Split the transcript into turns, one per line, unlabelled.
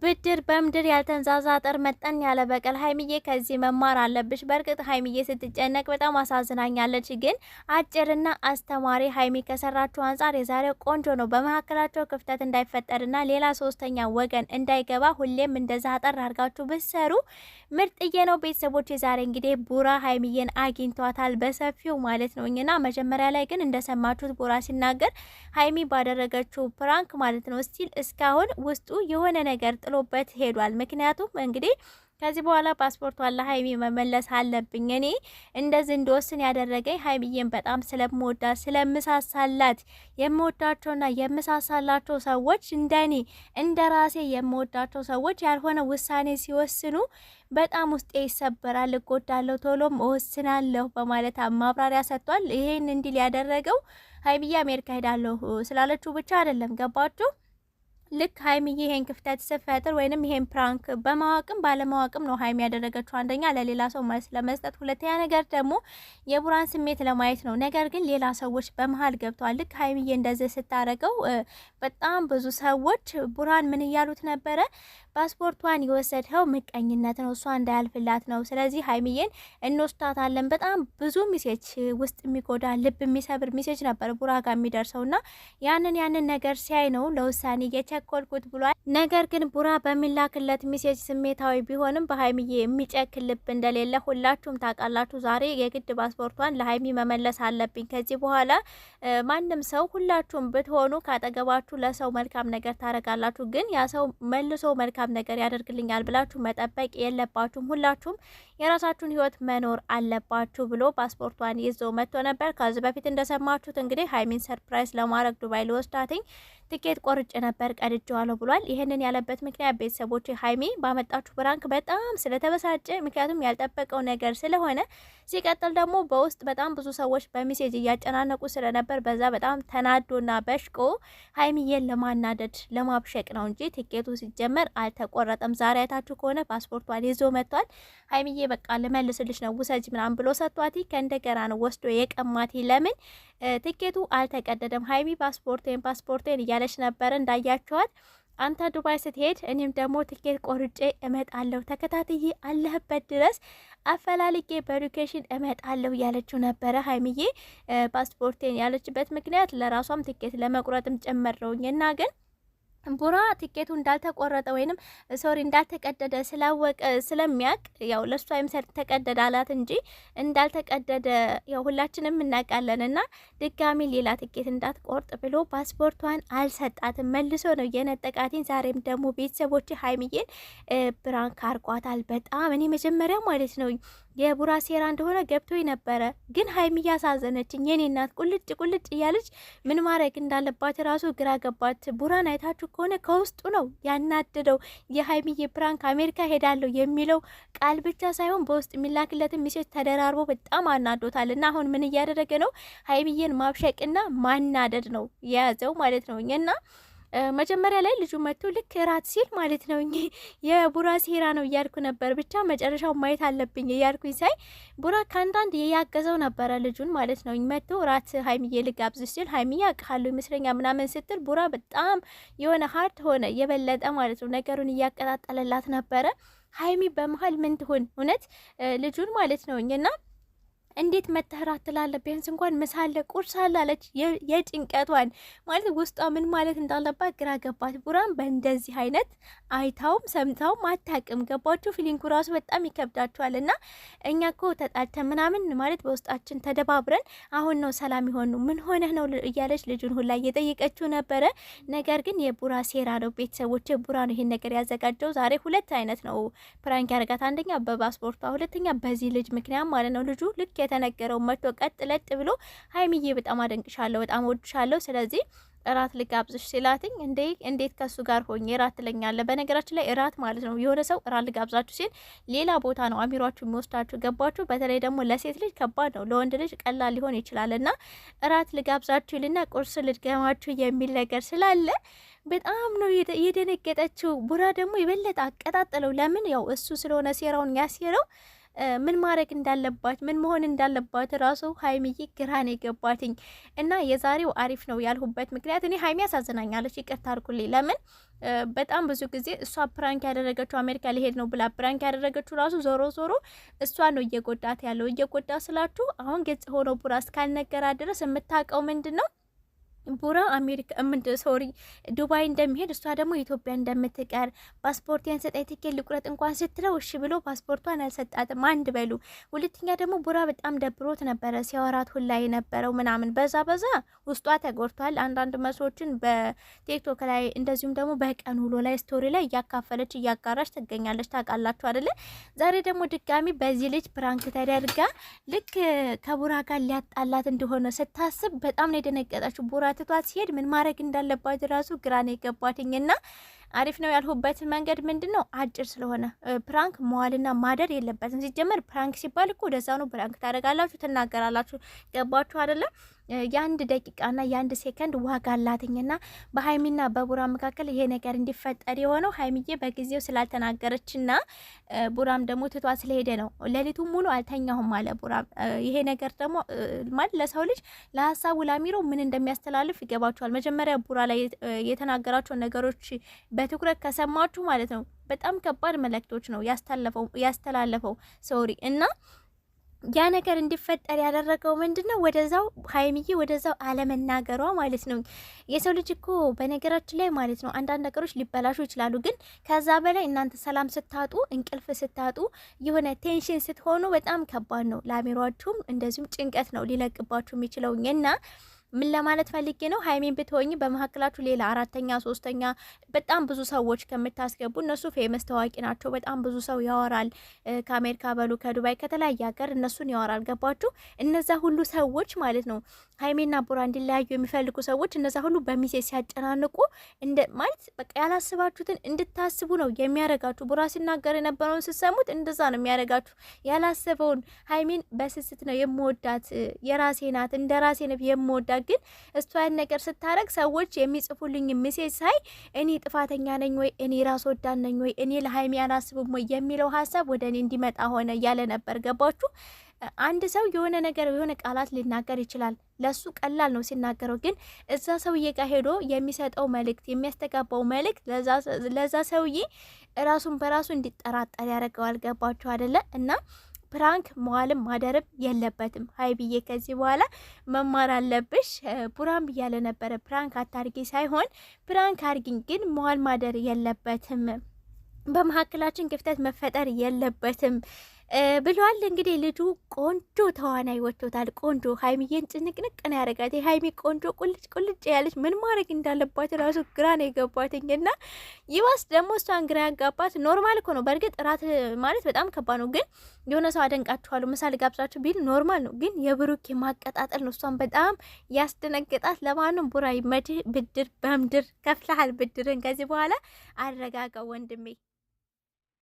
ብድር በምድር ያልተንዛዛ አጥር መጠን ያለ በቀል ሀይሚዬ ከዚህ መማር አለብሽ። በእርግጥ ሀይሚዬ ስትጨነቅ በጣም አሳዝናኛለች፣ ግን አጭርና አስተማሪ ሀይሚ ከሰራችው አንጻር የዛሬው ቆንጆ ነው። በመካከላቸው ክፍተት እንዳይፈጠርና ሌላ ሶስተኛ ወገን እንዳይገባ ሁሌም እንደዛ አጠር አድርጋችሁ ብሰሩ ምርጥዬ ነው። ቤተሰቦች የዛሬ እንግዲህ ቡራ ሀይሚዬን አግኝቷታል በሰፊው ማለት ነው እና መጀመሪያ ላይ ግን እንደሰማችሁት ቡራ ሲናገር ሀይሚ ባደረገችው ፕራንክ ማለት ነው ስቲል እስካሁን ውስጡ የሆነ ነገር ጥሎበት ሄዷል። ምክንያቱም እንግዲህ ከዚህ በኋላ ፓስፖርቱ አለ ሀይሚ መመለስ አለብኝ። እኔ እንደዚህ እንደወስን ያደረገኝ ሀይሚዬን በጣም ስለምወዳ ስለምሳሳላት፣ የምወዳቸውና የምሳሳላቸው ሰዎች እንደኔ እንደ ራሴ የምወዳቸው ሰዎች ያልሆነ ውሳኔ ሲወስኑ በጣም ውስጤ ይሰበራል፣ እጎዳለሁ፣ ቶሎም እወስናለሁ በማለት ማብራሪያ ሰጥቷል። ይሄን እንዲል ያደረገው ሀይሚዬ አሜሪካ ሄዳለሁ ስላለችው ብቻ አይደለም። ገባችሁ? ልክ ሀይሚዬ ይሄን ክፍተት ስፈጥር ወይንም ይሄን ፕራንክ በማወቅም ባለማወቅም ነው ሀይሚ ያደረገችው። አንደኛ ለሌላ ሰው መልስ ለመስጠት፣ ሁለተኛ ነገር ደግሞ የቡራን ስሜት ለማየት ነው። ነገር ግን ሌላ ሰዎች በመሀል ገብተዋል። ልክ ሀይሚዬ እንደዚህ ስታደረገው በጣም ብዙ ሰዎች ቡራን ምን እያሉት ነበረ ፓስፖርቷን የወሰድኸው ምቀኝነት ነው፣ እሷ እንዳያልፍላት ነው። ስለዚህ ሀይሚዬን እንወስዳታለን። በጣም ብዙ ሚሴጅ ውስጥ የሚጎዳ ልብ የሚሰብር ሚሴጅ ነበር ቡራ ጋር የሚደርሰው ና ያንን ያንን ነገር ሲያይ ነው ለውሳኔ እየቸኮልኩት ብሏል። ነገር ግን ቡራ በሚላክለት ሚሴጅ ስሜታዊ ቢሆንም በሀይሚዬ የሚጨክ ልብ እንደሌለ ሁላችሁም ታውቃላችሁ። ዛሬ የግድ ፓስፖርቷን ለሀይሚ መመለስ አለብኝ። ከዚህ በኋላ ማንም ሰው ሁላችሁም ብትሆኑ ካጠገባችሁ ለሰው መልካም ነገር ታደርጋላችሁ። ግን ያ ሰው መልሶ መልካም መልካም ነገር ያደርግልኛል ብላችሁ መጠበቅ የለባችሁም። ሁላችሁም የራሳችሁን ህይወት መኖር አለባችሁ ብሎ ፓስፖርቷን ይዞ መጥቶ ነበር። ከዚህ በፊት እንደሰማችሁት እንግዲህ ሀይሚን ሰርፕራይዝ ለማድረግ ዱባይ ልወስዳትኝ ትኬት ቆርጭ ነበር ቀድጄዋለሁ ብሏል። ይህንን ያለበት ምክንያት ቤተሰቦች ሀይሚ ባመጣችሁ ብራንክ በጣም ስለተበሳጨ ምክንያቱም ያልጠበቀው ነገር ስለሆነ ሲቀጥል ደግሞ በውስጥ በጣም ብዙ ሰዎች በሚሴጅ እያጨናነቁ ስለነበር በዛ በጣም ተናዶና በሽቆ ሀይሚዬን ለማናደድ ለማብሸቅ ነው እንጂ ትኬቱ ሲጀመር አልተቆረጠም። ዛሬ አይታችሁ ከሆነ ፓስፖርቷን ይዞ መጥቷል። ሀይሚዬ በቃ ልመልስልሽ ነው ውሰጅ ምናምን ብሎ ሰጥቷት ከእንደገና ነው ወስዶ የቀማት። ለምን ትኬቱ አልተቀደደም? ሀይሚ ፓስፖርቴን ፓስፖርቴን እያለች ነበረ እንዳያቸዋት አንተ ዱባይ ስትሄድ እኔም ደግሞ ትኬት ቆርጬ እመጣለሁ፣ ተከታትዬ አለህበት ድረስ አፈላልጌ በሎኬሽን እመጣለሁ እያለችው ነበረ። ሀይሚዬ ፓስፖርቴን ያለችበት ምክንያት ለራሷም ትኬት ለመቁረጥም ጭምር ነውና ግን ቡራ ቲኬቱ እንዳልተቆረጠ ወይንም ሶሪ እንዳልተቀደደ ስላወቀ ስለሚያቅ ያው ለእሷ የምሰር ተቀደደ አላት እንጂ እንዳልተቀደደ ያው ሁላችንም እናውቃለን። እና ድጋሚ ሌላ ትኬት እንዳትቆርጥ ብሎ ፓስፖርቷን አልሰጣትም። መልሶ ነው የነጠቃቲን። ዛሬም ደግሞ ቤተሰቦች ሀይሚዬን ብራንክ አርቋታል። በጣም እኔ መጀመሪያ ማለት ነው የቡራ ሴራ እንደሆነ ገብቶ ነበረ። ግን ሀይሚ እያሳዘነችኝ የኔ እናት ቁልጭ ቁልጭ እያለች ምን ማድረግ እንዳለባት ራሱ ግራ ገባት። ቡራን አይታችሁ ከሆነ ከውስጡ ነው ያናደደው። የሀይምዬ ፕራንክ አሜሪካ ሄዳለሁ የሚለው ቃል ብቻ ሳይሆን በውስጥ የሚላክለት ሚሴጅ ተደራርቦ በጣም አናዶታል። እና አሁን ምን እያደረገ ነው? ሀይሚዬን ማብሸቅና ማናደድ ነው የያዘው ማለት ነው እና መጀመሪያ ላይ ልጁ መጥቶ ልክ እራት ሲል ማለት ነው እ የቡራ ሴራ ነው እያልኩ ነበር። ብቻ መጨረሻው ማየት አለብኝ እያልኩኝ ሳይ ቡራ ከአንዳንድ የያገዘው ነበረ ልጁን ማለት ነው። መጥቶ እራት ሀይሚዬ ልጋብዝ ሲል ሀይሚዬ ያቅሃሉ ይመስለኛ ምናምን ስትል ቡራ በጣም የሆነ ሀርድ ሆነ የበለጠ ማለት ነው። ነገሩን እያቀጣጠለላት ነበረ። ሀይሚ በመሀል ምን ትሆን እውነት ልጁን ማለት ነው እና እንዴት መተህራ ትላለ ቢያንስ እንኳን ምሳለ ቁርስ አላለች። የጭንቀቷን ማለት ውስጧ ምን ማለት እንዳለባት ግራ ገባት። ቡራን በእንደዚህ አይነት አይታውም ሰምታውም አታቅም። ገባችሁ? ፊሊንኩ ራሱ በጣም ይከብዳችኋል። እና እኛ ኮ ተጣልተ ምናምን ማለት በውስጣችን ተደባብረን አሁን ነው ሰላም የሆኑ ምን ሆነህ ነው እያለች ልጁን ሁላ እየጠየቀችው ነበረ። ነገር ግን የቡራ ሴራ ነው። ቤተሰቦች የቡራ ነው ይሄን ነገር ያዘጋጀው። ዛሬ ሁለት አይነት ነው ፕራንክ ያደርጋት። አንደኛ በፓስፖርቷ፣ ሁለተኛ በዚህ ልጅ ምክንያት ማለት ነው ልጁ ልክ የተነገረው መቶ ቀጥ ለጥ ብሎ ሀይሚዬ በጣም አደንቅሻለሁ፣ በጣም ወድሻለሁ፣ ስለዚህ እራት ልጋብዝሽ ሲላትኝ እንዴ እንዴት ከሱ ጋር ሆኜ እራት ትለኛለ? በነገራችን ላይ እራት ማለት ነው የሆነ ሰው እራት ልጋብዛችሁ ሲል ሌላ ቦታ ነው አሚሯችሁ የሚወስዳችሁ። ገባችሁ? በተለይ ደግሞ ለሴት ልጅ ከባድ ነው፣ ለወንድ ልጅ ቀላል ሊሆን ይችላል። እና እራት ልጋብዛችሁ ይልና ቁርስ ልድገማችሁ የሚል ነገር ስላለ በጣም ነው የደነገጠችው። ቡራ ደግሞ የበለጠ አቀጣጠለው። ለምን ያው እሱ ስለሆነ ሴራውን ያሴረው ምን ማድረግ እንዳለባት ምን መሆን እንዳለባት ራሱ ሀይሚዬ ግራን የገባትኝ እና የዛሬው አሪፍ ነው ያልሁበት ምክንያት እኔ ሀይሚ ያሳዝናኛለች። ይቅርታ አድርጉልኝ። ለምን በጣም ብዙ ጊዜ እሷ ፕራንክ ያደረገችው አሜሪካ ሊሄድ ነው ብላ ፕራንክ ያደረገችው ራሱ ዞሮ ዞሮ እሷ ነው እየጎዳት ያለው። እየጎዳ ስላችሁ አሁን ግልጽ ሆኖ ቡራ እስካልነገራት ድረስ የምታውቀው ምንድን ነው ቡራ አሜሪካ ምንድ ሶሪ ዱባይ እንደሚሄድ እሷ ደግሞ ኢትዮጵያ እንደምትቀር ፓስፖርት ስጠኝ ትኬት ልቁረጥ እንኳን ስትለው እሺ ብሎ ፓስፖርቷን አልሰጣትም። አንድ በሉ ሁለተኛ ደግሞ ቡራ በጣም ደብሮት ነበረ ሲያወራት ሁላ የነበረው ምናምን በዛ በዛ ውስጧ ተጎድቷል። አንዳንድ መስሎችን በቲክቶክ ላይ እንደዚሁም ደግሞ በቀን ውሎ ላይ ስቶሪ ላይ እያካፈለች እያጋራች ትገኛለች። ታውቃላችሁ አደለ? ዛሬ ደግሞ ድጋሚ በዚህ ልጅ ፕራንክ ተደርጋ ልክ ከቡራ ጋር ሊያጣላት እንደሆነ ስታስብ በጣም ነው የደነገጠችው ቡራ ትቷት ሲሄድ ምን ማድረግ እንዳለባት ራሱ ግራ ነው አሪፍ ነው ያልሁበት መንገድ ምንድን ነው? አጭር ስለሆነ ፕራንክ መዋልና ማደር የለበትም። ሲጀመር ፕራንክ ሲባል እኮ ወደዛ ነው። ፕራንክ ታደርጋላችሁ፣ ትናገራላችሁ። ገባችሁ አይደለም? የአንድ ደቂቃና የአንድ ሴከንድ ዋጋ አላትኝና በሀይሚና በቡራ መካከል ይሄ ነገር እንዲፈጠር የሆነው ሀይሚዬ በጊዜው ስላልተናገረችና ቡራም ደግሞ ትቷ ስለሄደ ነው። ሌሊቱ ሙሉ አልተኛሁም አለ ቡራም። ይሄ ነገር ደግሞ ማለት ለሰው ልጅ ለሀሳቡ ላሚሮ ምን እንደሚያስተላልፍ ይገባችኋል። መጀመሪያ ቡራ ላይ የተናገራቸው ነገሮች በትኩረት ከሰማችሁ ማለት ነው በጣም ከባድ መልእክቶች ነው ያስተላለፈው ሶሪ እና ያ ነገር እንዲፈጠር ያደረገው ምንድን ነው? ወደዛው ሀይሚዬ ወደዛው አለመናገሯ ማለት ነው። የሰው ልጅ እኮ በነገራችን ላይ ማለት ነው አንዳንድ ነገሮች ሊበላሹ ይችላሉ፣ ግን ከዛ በላይ እናንተ ሰላም ስታጡ፣ እንቅልፍ ስታጡ፣ የሆነ ቴንሽን ስትሆኑ በጣም ከባድ ነው። ለአሜሯችሁም እንደዚሁም ጭንቀት ነው ሊለቅባችሁ የሚችለውኝ እና ምን ለማለት ፈልጌ ነው? ሀይሜን ብትሆኝ በመካከላችሁ ሌላ አራተኛ ሶስተኛ በጣም ብዙ ሰዎች ከምታስገቡ እነሱ ፌመስ ታዋቂ ናቸው። በጣም ብዙ ሰው ያወራል። ከአሜሪካ በሉ ከዱባይ ከተለያየ ሀገር እነሱን ያወራል። ገባችሁ? እነዛ ሁሉ ሰዎች ማለት ነው ሀይሜና ቡራ እንዲለያዩ የሚፈልጉ ሰዎች እነዛ ሁሉ በሚሴ ሲያጨናንቁ እንደ ማለት በቃ ያላስባችሁትን እንድታስቡ ነው የሚያረጋችሁ። ቡራ ሲናገር የነበረውን ስትሰሙት እንደዛ ነው የሚያረጋችሁ። ያላሰበውን ሀይሜን በስስት ነው የምወዳት የራሴ ናት እንደ ራሴ ነው የምወዳት ግን እሷ ያን ነገር ስታረግ ሰዎች የሚጽፉልኝ ሚሴጅ ሳይ እኔ ጥፋተኛ ነኝ ወይ እኔ ራስ ወዳድ ነኝ ወይ እኔ ለሀይሚ አላስብም ወይ የሚለው ሀሳብ ወደ እኔ እንዲመጣ ሆነ እያለ ነበር። ገባችሁ? አንድ ሰው የሆነ ነገር የሆነ ቃላት ሊናገር ይችላል። ለሱ ቀላል ነው ሲናገረው፣ ግን እዛ ሰውዬ ጋር ሄዶ የሚሰጠው መልእክት የሚያስተጋባው መልእክት ለዛ ሰውዬ ራሱን በራሱ እንዲጠራጠር ያደርገዋል። ገባችሁ አደለ እና ፕራንክ መዋልም ማደርም የለበትም። ሀይ ብዬ ከዚህ በኋላ መማር አለብሽ። ቡራም ብያለ ነበረ ፕራንክ አታርጊ ሳይሆን ፕራንክ አርጊኝ፣ ግን መዋል ማደር የለበትም። በመካከላችን ክፍተት መፈጠር የለበትም። ብሏል። እንግዲህ ልጁ ቆንጆ ተዋናይ ወጥቶታል። ቆንጆ ሀይሚዬን ጭንቅንቅ ነው ያደረጋት። ሀይሚ ቆንጆ ቁልጭ ቁልጭ ያለች ምን ማድረግ እንዳለባት ራሱ ግራ ነው የገባትኝ ና ይባስ ደግሞ እሷን ግራ ያጋባት ኖርማል እኮ ነው። በእርግጥ ራት ማለት በጣም ከባድ ነው፣ ግን የሆነ ሰው አደንቃችኋሉ ምሳሌ ጋብዛችሁ ቢል ኖርማል ነው። ግን የብሩክ የማቀጣጠል ነው እሷን በጣም ያስደነግጣት። ለማንም ቡራ ይመድህ፣ ብድር በምድር ከፍልሃል። ብድርን። ከዚህ በኋላ አረጋጋ ወንድሜ።